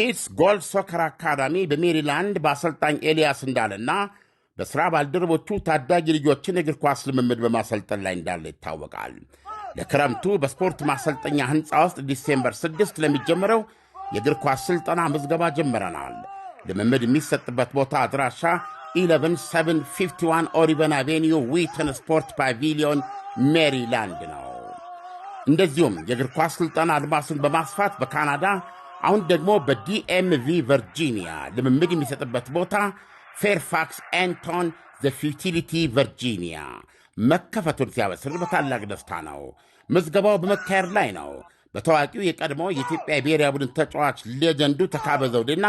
ስቴትስ ጎልድ ሶከር አካዳሚ በሜሪላንድ በአሰልጣኝ ኤልያስ እንዳለና በሥራ ባልደረቦቹ ታዳጊ ልጆችን የእግር ኳስ ልምምድ በማሰልጠን ላይ እንዳለ ይታወቃል። ለክረምቱ በስፖርት ማሰልጠኛ ሕንፃ ውስጥ ዲሴምበር 6 ለሚጀምረው የእግር ኳስ ሥልጠና ምዝገባ ጀምረናል። ልምምድ የሚሰጥበት ቦታ አድራሻ 11751 ኦሪቨን አቬኒዩ ዊትን ስፖርት ፓቪሊዮን ሜሪላንድ ነው። እንደዚሁም የእግር ኳስ ሥልጠና አድማሱን በማስፋት በካናዳ አሁን ደግሞ በዲኤምቪ ቨርጂኒያ ልምምድ የሚሰጥበት ቦታ ፌርፋክስ ኤንቶን ዘ ፊውቲሊቲ ቨርጂኒያ መከፈቱን ሲያበስር በታላቅ ደስታ ነው። ምዝገባው በመካሄድ ላይ ነው። በታዋቂው የቀድሞ የኢትዮጵያ የብሔራዊ ቡድን ተጫዋች ሌጀንዱ ተካበ ዘውዴና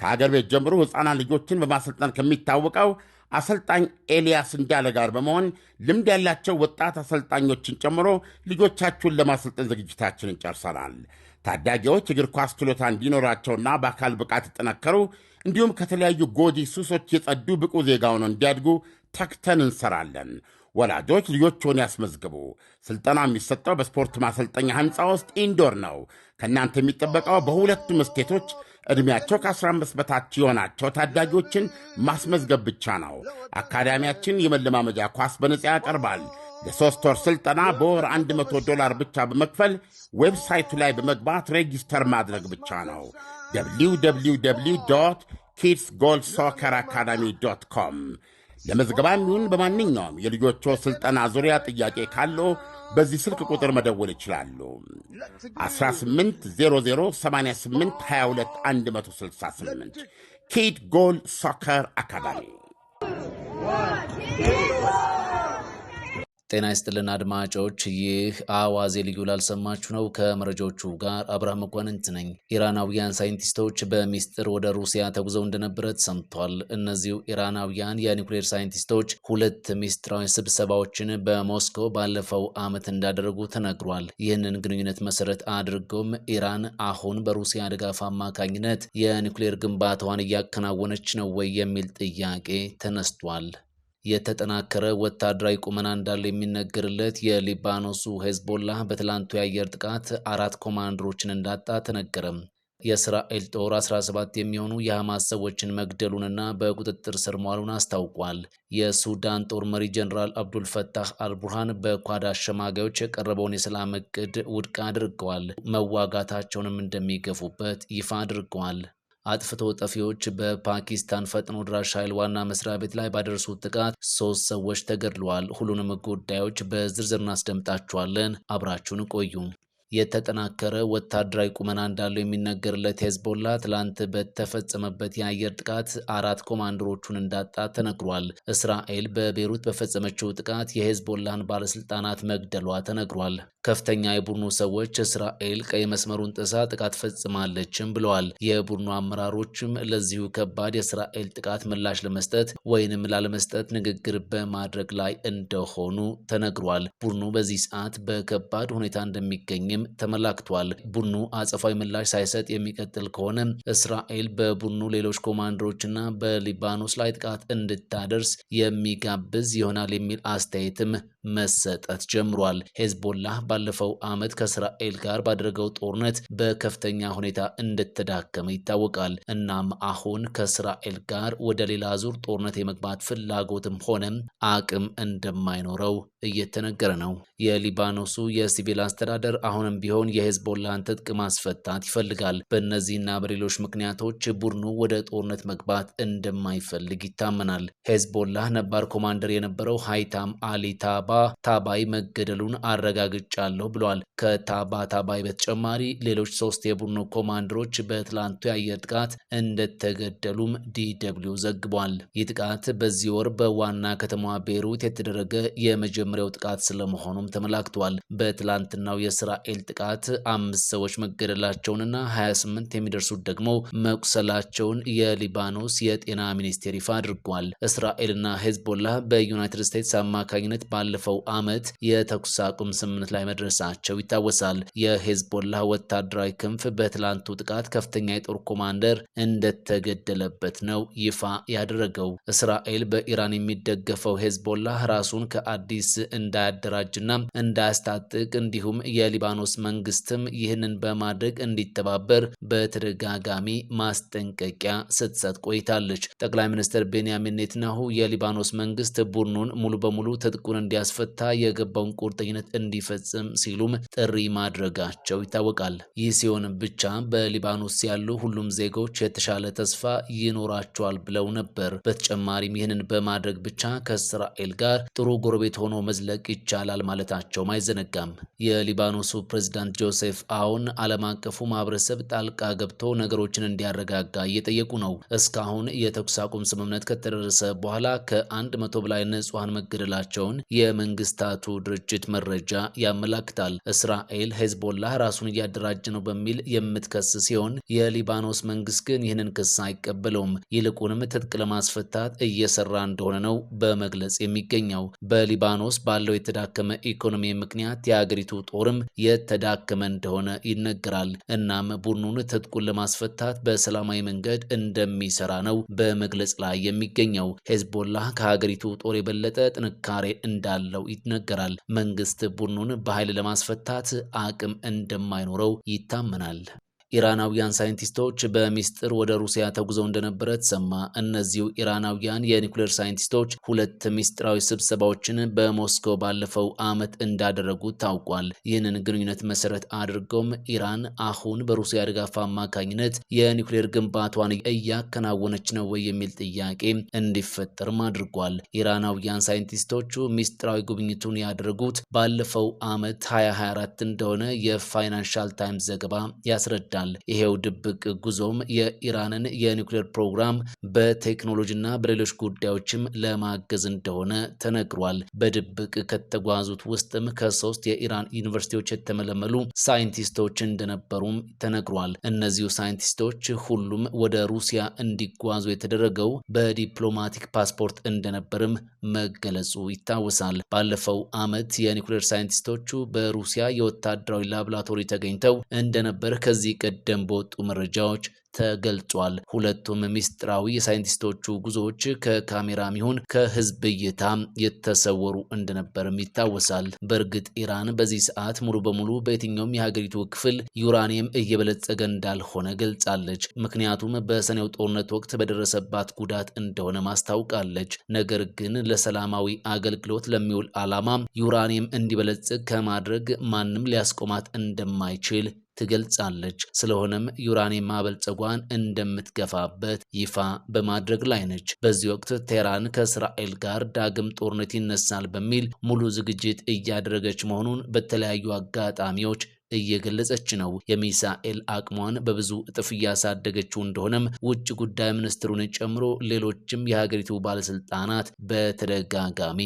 ከሀገር ቤት ጀምሮ ሕፃናት ልጆችን በማሰልጠን ከሚታወቀው አሰልጣኝ ኤልያስ እንዳለ ጋር በመሆን ልምድ ያላቸው ወጣት አሰልጣኞችን ጨምሮ ልጆቻችሁን ለማሰልጠን ዝግጅታችንን ጨርሰናል። ታዳጊዎች እግር ኳስ ችሎታ እንዲኖራቸውና በአካል ብቃት ይጠነከሩ እንዲሁም ከተለያዩ ጎጂ ሱሶች የጸዱ ብቁ ዜጋ ሆነው እንዲያድጉ ተክተን እንሰራለን። ወላጆች ልጆችን ያስመዝግቡ። ስልጠና የሚሰጠው በስፖርት ማሰልጠኛ ሕንፃ ውስጥ ኢንዶር ነው። ከእናንተ የሚጠበቀው በሁለቱም ስቴቶች ዕድሜያቸው ከ15 በታች የሆናቸው ታዳጊዎችን ማስመዝገብ ብቻ ነው። አካዳሚያችን የመለማመጃ ኳስ በነፃ ያቀርባል። ለሦስት ወር ሥልጠና በወር 100 ዶላር ብቻ በመክፈል ዌብሳይቱ ላይ በመግባት ሬጂስተር ማድረግ ብቻ ነው። www ኪድስ ጎል ሶከር አካዳሚ ዶት ኮም። ለመዝገባ የሚሆን በማንኛውም የልጆቹ ሥልጠና ዙሪያ ጥያቄ ካለው በዚህ ስልክ ቁጥር መደወል ይችላሉ። 18008822 ኪድ ጎል ሶከር አካዳሚ ጤና ይስጥልን አድማጮች፣ ይህ አዋዜ ልዩ ላልሰማችሁ ነው። ከመረጃዎቹ ጋር አብርሃም መኳንንት ነኝ። ኢራናውያን ሳይንቲስቶች በሚስጥር ወደ ሩሲያ ተጉዘው እንደነበረ ተሰምቷል። እነዚሁ ኢራናውያን የኒውክሌር ሳይንቲስቶች ሁለት ሚስጥራዊ ስብሰባዎችን በሞስኮ ባለፈው ዓመት እንዳደረጉ ተነግሯል። ይህንን ግንኙነት መሰረት አድርጎም ኢራን አሁን በሩሲያ ድጋፍ አማካኝነት የኒውክሌር ግንባታዋን እያከናወነች ነው ወይ የሚል ጥያቄ ተነስቷል። የተጠናከረ ወታደራዊ ቁመና እንዳለ የሚነገርለት የሊባኖሱ ሄዝቦላ በትላንቱ የአየር ጥቃት አራት ኮማንደሮችን እንዳጣ ተነገረም። የእስራኤል ጦር 17 የሚሆኑ የሐማስ ሰዎችን መግደሉንና በቁጥጥር ስር መዋሉን አስታውቋል። የሱዳን ጦር መሪ ጀኔራል አብዱልፈታህ አልቡርሃን በኳድ አሸማጋዮች የቀረበውን የሰላም እቅድ ውድቅ አድርገዋል። መዋጋታቸውንም እንደሚገፉበት ይፋ አድርገዋል። አጥፍቶ ጠፊዎች በፓኪስታን ፈጥኖ ድራሽ ኃይል ዋና መስሪያ ቤት ላይ ባደረሱት ጥቃት ሶስት ሰዎች ተገድለዋል። ሁሉንም ጉዳዮች በዝርዝር እናስደምጣችኋለን። አብራችሁን ቆዩ። የተጠናከረ ወታደራዊ ቁመና እንዳለው የሚነገርለት ሄዝቦላ ትላንት በተፈጸመበት የአየር ጥቃት አራት ኮማንደሮቹን እንዳጣ ተነግሯል። እስራኤል በቤሩት በፈጸመችው ጥቃት የሄዝቦላን ባለስልጣናት መግደሏ ተነግሯል። ከፍተኛ የቡድኑ ሰዎች እስራኤል ቀይ መስመሩን ጥሳ ጥቃት ፈጽማለችም ብለዋል። የቡድኑ አመራሮችም ለዚሁ ከባድ የእስራኤል ጥቃት ምላሽ ለመስጠት ወይንም ላለመስጠት ንግግር በማድረግ ላይ እንደሆኑ ተነግሯል። ቡድኑ በዚህ ሰዓት በከባድ ሁኔታ እንደሚገኝም ተመላክቷል። ቡድኑ አጸፋዊ ምላሽ ሳይሰጥ የሚቀጥል ከሆነ እስራኤል በቡድኑ ሌሎች ኮማንደሮችና በሊባኖስ ላይ ጥቃት እንድታደርስ የሚጋብዝ ይሆናል የሚል አስተያየትም መሰጠት ጀምሯል። ሄዝቦላህ ባለፈው ዓመት ከእስራኤል ጋር ባደረገው ጦርነት በከፍተኛ ሁኔታ እንደተዳከመ ይታወቃል። እናም አሁን ከእስራኤል ጋር ወደ ሌላ ዙር ጦርነት የመግባት ፍላጎትም ሆነ አቅም እንደማይኖረው እየተነገረ ነው። የሊባኖሱ የሲቪል አስተዳደር አሁን አሁንም ቢሆን የሄዝቦላን ትጥቅ ማስፈታት ይፈልጋል። በእነዚህና በሌሎች ምክንያቶች ቡድኑ ወደ ጦርነት መግባት እንደማይፈልግ ይታመናል። ሄዝቦላህ ነባር ኮማንደር የነበረው ሃይታም አሊ ታባ ታባይ መገደሉን አረጋግጫለሁ ብሏል። ከታባ ታባይ በተጨማሪ ሌሎች ሶስት የቡድኑ ኮማንደሮች በትላንቱ የአየር ጥቃት እንደተገደሉም ዲደብሊው ዘግቧል። ይህ ጥቃት በዚህ ወር በዋና ከተማዋ ቤሩት የተደረገ የመጀመሪያው ጥቃት ስለመሆኑም ተመላክቷል። በትላንትናው የእስራኤል በሚሳኤል ጥቃት አምስት ሰዎች መገደላቸውንና 28 የሚደርሱት ደግሞ መቁሰላቸውን የሊባኖስ የጤና ሚኒስቴር ይፋ አድርጓል። እስራኤልና ሄዝቦላ በዩናይትድ ስቴትስ አማካኝነት ባለፈው ዓመት የተኩስ አቁም ስምምነት ላይ መድረሳቸው ይታወሳል። የሄዝቦላ ወታደራዊ ክንፍ በትላንቱ ጥቃት ከፍተኛ የጦር ኮማንደር እንደተገደለበት ነው ይፋ ያደረገው። እስራኤል በኢራን የሚደገፈው ሄዝቦላ ራሱን ከአዲስ እንዳያደራጅና እንዳያስታጥቅ እንዲሁም የሊባኖስ የላውስ መንግስትም ይህንን በማድረግ እንዲተባበር በተደጋጋሚ ማስጠንቀቂያ ስትሰጥ ቆይታለች። ጠቅላይ ሚኒስትር ቤንያሚን ኔትናሁ የሊባኖስ መንግስት ቡድኑን ሙሉ በሙሉ ትጥቁን እንዲያስፈታ የገባውን ቁርጠኝነት እንዲፈጽም ሲሉም ጥሪ ማድረጋቸው ይታወቃል። ይህ ሲሆን ብቻ በሊባኖስ ያሉ ሁሉም ዜጎች የተሻለ ተስፋ ይኖራቸዋል ብለው ነበር። በተጨማሪም ይህንን በማድረግ ብቻ ከእስራኤል ጋር ጥሩ ጎረቤት ሆኖ መዝለቅ ይቻላል ማለታቸውም አይዘነጋም። የሊባኖሱ ፕሬዝዳንት ጆሴፍ አውን ዓለም አቀፉ ማህበረሰብ ጣልቃ ገብቶ ነገሮችን እንዲያረጋጋ እየጠየቁ ነው። እስካሁን የተኩስ አቁም ስምምነት ከተደረሰ በኋላ ከአንድ መቶ በላይ ንጹሐን መገደላቸውን የመንግስታቱ ድርጅት መረጃ ያመላክታል። እስራኤል ሄዝቦላህ ራሱን እያደራጀ ነው በሚል የምትከስ ሲሆን የሊባኖስ መንግስት ግን ይህንን ክስ አይቀበለውም። ይልቁንም ትጥቅ ለማስፈታት እየሰራ እንደሆነ ነው በመግለጽ የሚገኘው። በሊባኖስ ባለው የተዳከመ ኢኮኖሚ ምክንያት የአገሪቱ ጦርም የ። ተዳከመ እንደሆነ ይነገራል። እናም ቡድኑን ትጥቁን ለማስፈታት በሰላማዊ መንገድ እንደሚሰራ ነው በመግለጽ ላይ የሚገኘው። ሄዝቦላህ ከሀገሪቱ ጦር የበለጠ ጥንካሬ እንዳለው ይነገራል። መንግስት ቡድኑን በኃይል ለማስፈታት አቅም እንደማይኖረው ይታመናል። ኢራናውያን ሳይንቲስቶች በሚስጥር ወደ ሩሲያ ተጉዘው እንደነበረ ተሰማ። እነዚሁ ኢራናውያን የኒኩሌር ሳይንቲስቶች ሁለት ሚስጥራዊ ስብሰባዎችን በሞስኮ ባለፈው ዓመት እንዳደረጉ ታውቋል። ይህንን ግንኙነት መሰረት አድርገውም ኢራን አሁን በሩሲያ ድጋፍ አማካኝነት የኒኩሌር ግንባቷን እያከናወነች ነው ወይ የሚል ጥያቄ እንዲፈጠርም አድርጓል። ኢራናውያን ሳይንቲስቶቹ ሚስጥራዊ ጉብኝቱን ያደረጉት ባለፈው ዓመት 2024 እንደሆነ የፋይናንሻል ታይምስ ዘገባ ያስረዳል። ይወስዳል። ይሄው ድብቅ ጉዞም የኢራንን የኒውክሌር ፕሮግራም በቴክኖሎጂና በሌሎች ጉዳዮችም ለማገዝ እንደሆነ ተነግሯል። በድብቅ ከተጓዙት ውስጥም ከሶስት የኢራን ዩኒቨርሲቲዎች የተመለመሉ ሳይንቲስቶች እንደነበሩም ተነግሯል። እነዚሁ ሳይንቲስቶች ሁሉም ወደ ሩሲያ እንዲጓዙ የተደረገው በዲፕሎማቲክ ፓስፖርት እንደነበርም መገለጹ ይታወሳል። ባለፈው ዓመት የኒውክሌር ሳይንቲስቶቹ በሩሲያ የወታደራዊ ላብራቶሪ ተገኝተው እንደነበር ከዚህ ቀደም በወጡ መረጃዎች ተገልጿል። ሁለቱም ሚስጥራዊ የሳይንቲስቶቹ ጉዞዎች ከካሜራ ይሁን ከህዝብ እይታ የተሰወሩ እንደነበርም ይታወሳል። በእርግጥ ኢራን በዚህ ሰዓት ሙሉ በሙሉ በየትኛውም የሀገሪቱ ክፍል ዩራኒየም እየበለጸገ እንዳልሆነ ገልጻለች። ምክንያቱም በሰኔው ጦርነት ወቅት በደረሰባት ጉዳት እንደሆነ ማስታውቃለች። ነገር ግን ለሰላማዊ አገልግሎት ለሚውል ዓላማ ዩራኒየም እንዲበለጽግ ከማድረግ ማንም ሊያስቆማት እንደማይችል ትገልጻለች። ስለሆነም ዩራኒየም ማበልጸጓን እንደምትገፋበት ይፋ በማድረግ ላይ ነች። በዚህ ወቅት ቴራን ከእስራኤል ጋር ዳግም ጦርነት ይነሳል በሚል ሙሉ ዝግጅት እያደረገች መሆኑን በተለያዩ አጋጣሚዎች እየገለጸች ነው። የሚሳኤል አቅሟን በብዙ እጥፍ እያሳደገችው እንደሆነም ውጭ ጉዳይ ሚኒስትሩን ጨምሮ ሌሎችም የሀገሪቱ ባለስልጣናት በተደጋጋሚ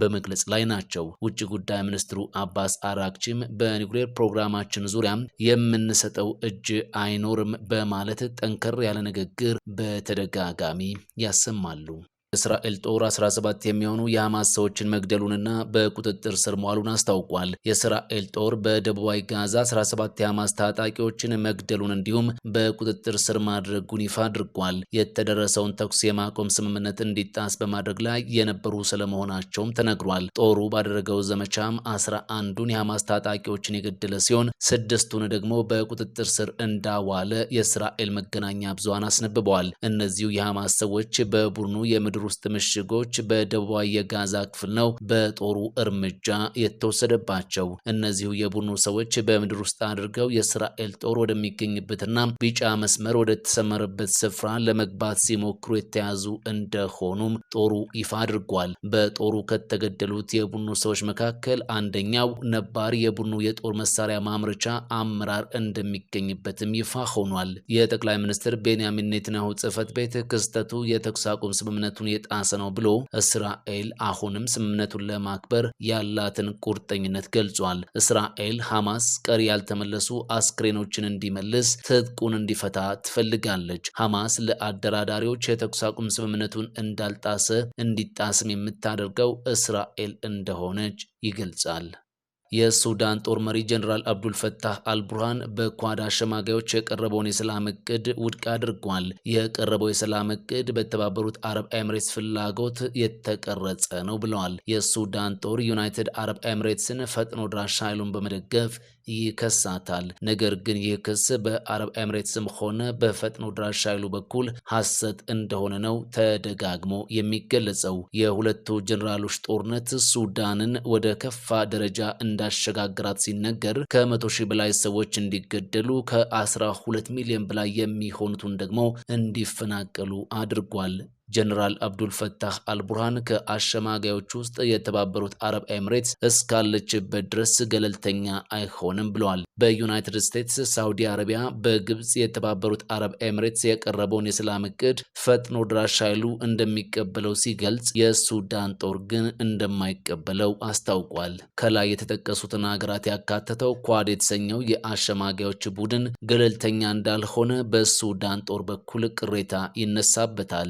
በመግለጽ ላይ ናቸው። ውጭ ጉዳይ ሚኒስትሩ አባስ አራክቺም በኒውክሌር ፕሮግራማችን ዙሪያ የምንሰጠው እጅ አይኖርም በማለት ጠንከር ያለ ንግግር በተደጋጋሚ ያሰማሉ። የእስራኤል ጦር 17 የሚሆኑ የሐማስ ሰዎችን መግደሉንና በቁጥጥር ስር መዋሉን አስታውቋል። የእስራኤል ጦር በደቡባዊ ጋዛ 17 የሐማስ ታጣቂዎችን መግደሉን እንዲሁም በቁጥጥር ስር ማድረጉን ይፋ አድርጓል። የተደረሰውን ተኩስ የማቆም ስምምነት እንዲጣስ በማድረግ ላይ የነበሩ ስለመሆናቸውም ተነግሯል። ጦሩ ባደረገው ዘመቻም 11 አንዱን የሐማስ ታጣቂዎችን የገደለ ሲሆን ስድስቱን ደግሞ በቁጥጥር ስር እንዳዋለ የእስራኤል መገናኛ ብዙሃን አስነብበዋል። እነዚሁ የሐማስ ሰዎች በቡድኑ የምድሩ ውስጥ ምሽጎች በደቡባዊ የጋዛ ክፍል ነው በጦሩ እርምጃ የተወሰደባቸው። እነዚሁ የቡድኑ ሰዎች በምድር ውስጥ አድርገው የእስራኤል ጦር ወደሚገኝበትና ቢጫ መስመር ወደተሰመረበት ስፍራ ለመግባት ሲሞክሩ የተያዙ እንደሆኑም ጦሩ ይፋ አድርጓል። በጦሩ ከተገደሉት የቡድኑ ሰዎች መካከል አንደኛው ነባር የቡድኑ የጦር መሳሪያ ማምረቻ አመራር እንደሚገኝበትም ይፋ ሆኗል። የጠቅላይ ሚኒስትር ቤንያሚን ኔትንያሁ ጽህፈት ቤት ክስተቱ የተኩስ አቁም ስምምነቱን የጣሰ ነው ብሎ እስራኤል አሁንም ስምምነቱን ለማክበር ያላትን ቁርጠኝነት ገልጿል። እስራኤል ሐማስ ቀሪ ያልተመለሱ አስክሬኖችን እንዲመልስ፣ ትጥቁን እንዲፈታ ትፈልጋለች። ሐማስ ለአደራዳሪዎች የተኩስ አቁም ስምምነቱን እንዳልጣሰ እንዲጣስም የምታደርገው እስራኤል እንደሆነች ይገልጻል። የሱዳን ጦር መሪ ጀኔራል አብዱልፈታህ አልቡርሃን በኳዳ ሸማጋዮች የቀረበውን የሰላም እቅድ ውድቅ አድርጓል። የቀረበው የሰላም እቅድ በተባበሩት አረብ ኤምሬትስ ፍላጎት የተቀረጸ ነው ብለዋል። የሱዳን ጦር ዩናይትድ አረብ ኤምሬትስን ፈጥኖ ድራሽ ኃይሉን በመደገፍ ይከሳታል። ነገር ግን ይህ ክስ በአረብ ኤምሬትስም ሆነ በፈጥኖ ድራሽ ኃይሉ በኩል ሐሰት እንደሆነ ነው ተደጋግሞ የሚገለጸው። የሁለቱ ጀኔራሎች ጦርነት ሱዳንን ወደ ከፋ ደረጃ እንዳሸጋግራት ሲነገር ከመቶ ሺህ በላይ ሰዎች እንዲገደሉ ከአስራ ሁለት ሚሊዮን በላይ የሚሆኑትን ደግሞ እንዲፈናቀሉ አድርጓል። ጀኔራል አብዱልፈታህ አልቡርሃን ከአሸማጋዮች ውስጥ የተባበሩት አረብ ኤምሬትስ እስካለችበት ድረስ ገለልተኛ አይሆንም ብለዋል። በዩናይትድ ስቴትስ፣ ሳውዲ አረቢያ፣ በግብፅ የተባበሩት አረብ ኤምሬትስ የቀረበውን የሰላም እቅድ ፈጥኖ ድራሽ ኃይሉ እንደሚቀበለው ሲገልጽ፣ የሱዳን ጦር ግን እንደማይቀበለው አስታውቋል። ከላይ የተጠቀሱትን ሀገራት ያካተተው ኳድ የተሰኘው የአሸማጋዮች ቡድን ገለልተኛ እንዳልሆነ በሱዳን ጦር በኩል ቅሬታ ይነሳበታል።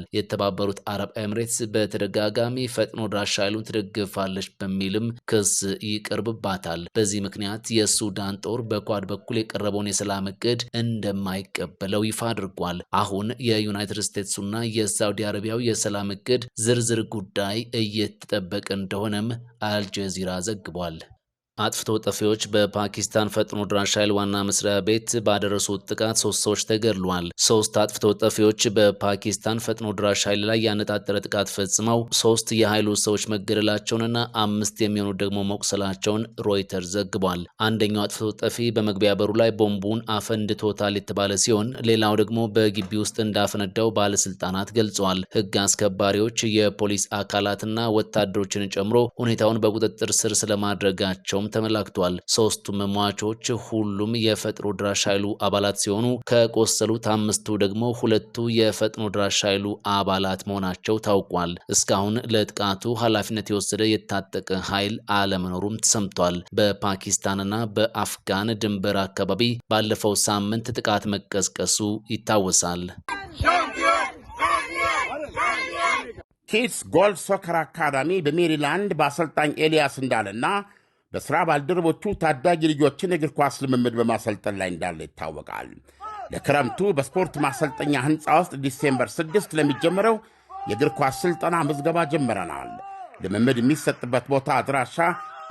የተባበሩት አረብ ኤምሬትስ በተደጋጋሚ ፈጥኖ ድራሽ ኃይሉን ትደግፋለች በሚልም ክስ ይቀርብባታል። በዚህ ምክንያት የሱዳን ጦር በኳድ በኩል የቀረበውን የሰላም እቅድ እንደማይቀበለው ይፋ አድርጓል። አሁን የዩናይትድ ስቴትሱና የሳውዲ አረቢያው የሰላም እቅድ ዝርዝር ጉዳይ እየተጠበቀ እንደሆነም አልጀዚራ ዘግቧል። አጥፍቶ ጠፊዎች በፓኪስታን ፈጥኖ ድራሽ ኃይል ዋና መስሪያ ቤት ባደረሱት ጥቃት ሶስት ሰዎች ተገድለዋል። ሶስት አጥፍቶ ጠፊዎች በፓኪስታን ፈጥኖ ድራሽ ኃይል ላይ ያነጣጠረ ጥቃት ፈጽመው ሶስት የኃይሉ ሰዎች መገደላቸውንና አምስት የሚሆኑ ደግሞ መቁሰላቸውን ሮይተር ዘግቧል። አንደኛው አጥፍቶ ጠፊ በመግቢያ በሩ ላይ ቦምቡን አፈንድቶታል የተባለ ሲሆን፣ ሌላው ደግሞ በግቢ ውስጥ እንዳፈነዳው ባለስልጣናት ገልጿል። ህግ አስከባሪዎች የፖሊስ አካላትና ወታደሮችን ጨምሮ ሁኔታውን በቁጥጥር ስር ስለማድረጋቸው መሆናቸውም ተመላክቷል። ሶስቱ መሟቾች ሁሉም የፈጥኖ ድራሽ ኃይሉ አባላት ሲሆኑ ከቆሰሉት አምስቱ ደግሞ ሁለቱ የፈጥኖ ድራሽ ኃይሉ አባላት መሆናቸው ታውቋል። እስካሁን ለጥቃቱ ኃላፊነት የወሰደ የታጠቀ ኃይል አለመኖሩም ተሰምቷል። በፓኪስታንና በአፍጋን ድንበር አካባቢ ባለፈው ሳምንት ጥቃት መቀስቀሱ ይታወሳል። ኪድስ ጎልፍ ሶከር አካዳሚ በሜሪላንድ በአሰልጣኝ ኤልያስ እንዳለና በሥራ ባልደረቦቹ ታዳጊ ልጆችን የእግር ኳስ ልምምድ በማሰልጠን ላይ እንዳለ ይታወቃል። ለክረምቱ በስፖርት ማሰልጠኛ ሕንፃ ውስጥ ዲሴምበር 6 ለሚጀመረው የእግር ኳስ ሥልጠና ምዝገባ ጀምረናል። ልምምድ የሚሰጥበት ቦታ አድራሻ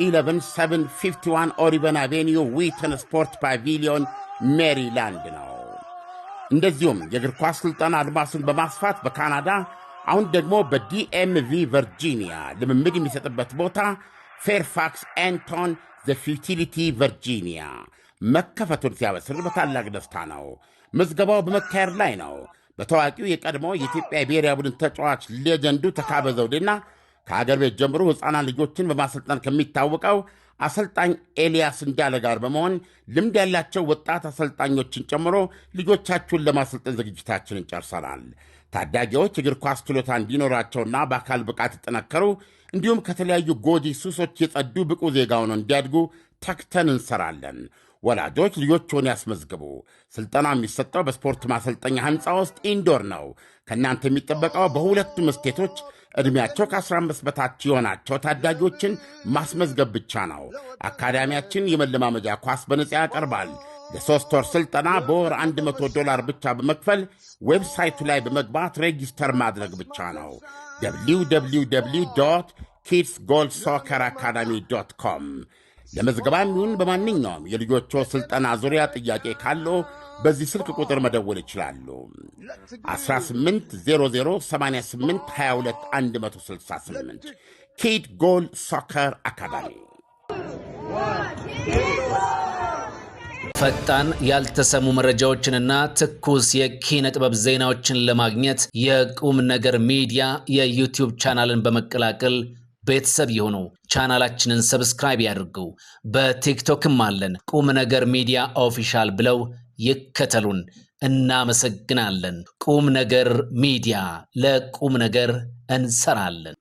11751 ኦሪቨን አቬኒዩ ዊትን ስፖርት ፓቪሊዮን ሜሪላንድ ነው። እንደዚሁም የእግር ኳስ ሥልጠና አድማሱን በማስፋት በካናዳ አሁን ደግሞ በዲኤምቪ ቨርጂኒያ ልምምድ የሚሰጥበት ቦታ ፌርፋክስ ኤንቶን ዘ ፊውቲሊቲ ቨርጂኒያ መከፈቱን ሲያበስር በታላቅ ደስታ ነው። ምዝገባው በመካሄድ ላይ ነው። በታዋቂው የቀድሞ የኢትዮጵያ የብሔራዊ ቡድን ተጫዋች ሌጀንዱ ተካበ ዘውዴና ከአገር ቤት ጀምሮ ሕፃናት ልጆችን በማሰልጠን ከሚታወቀው አሰልጣኝ ኤልያስ እንዳለ ጋር በመሆን ልምድ ያላቸው ወጣት አሰልጣኞችን ጨምሮ ልጆቻችሁን ለማሰልጠን ዝግጅታችንን ጨርሰናል። ታዳጊዎች እግር ኳስ ችሎታ እንዲኖራቸውና በአካል ብቃት የጠነከሩ እንዲሁም ከተለያዩ ጎጂ ሱሶች የጸዱ ብቁ ዜጋ ሆነው እንዲያድጉ ተክተን እንሰራለን። ወላጆች ልጆችዎን ያስመዝግቡ። ስልጠና የሚሰጠው በስፖርት ማሰልጠኛ ሕንፃ ውስጥ ኢንዶር ነው። ከእናንተ የሚጠበቀው በሁለቱም ስቴቶች ዕድሜያቸው ከ15 በታች የሆናቸው ታዳጊዎችን ማስመዝገብ ብቻ ነው። አካዳሚያችን የመለማመጃ ኳስ በነጻ ያቀርባል። የሦስት ወር ሥልጠና በወር 100 ዶላር ብቻ በመክፈል ዌብሳይቱ ላይ በመግባት ሬጂስተር ማድረግ ብቻ ነው። www ኪድስ ጎል ሶከር አካዳሚ ዶት ኮም ለምዝገባም ይሁን በማንኛውም የልጆቹ ሥልጠና ዙሪያ ጥያቄ ካለው በዚህ ስልክ ቁጥር መደወል ይችላሉ። 18008822 ኪድ ጎል ሶከር አካዳሚ። ፈጣን ያልተሰሙ መረጃዎችንና ትኩስ የኪነ ጥበብ ዜናዎችን ለማግኘት የቁም ነገር ሚዲያ የዩቲዩብ ቻናልን በመቀላቀል ቤተሰብ የሆኑ ቻናላችንን ሰብስክራይብ ያድርጉ። በቲክቶክም አለን። ቁም ነገር ሚዲያ ኦፊሻል ብለው ይከተሉን። እናመሰግናለን። ቁም ነገር ሚዲያ ለቁም ነገር እንሰራለን።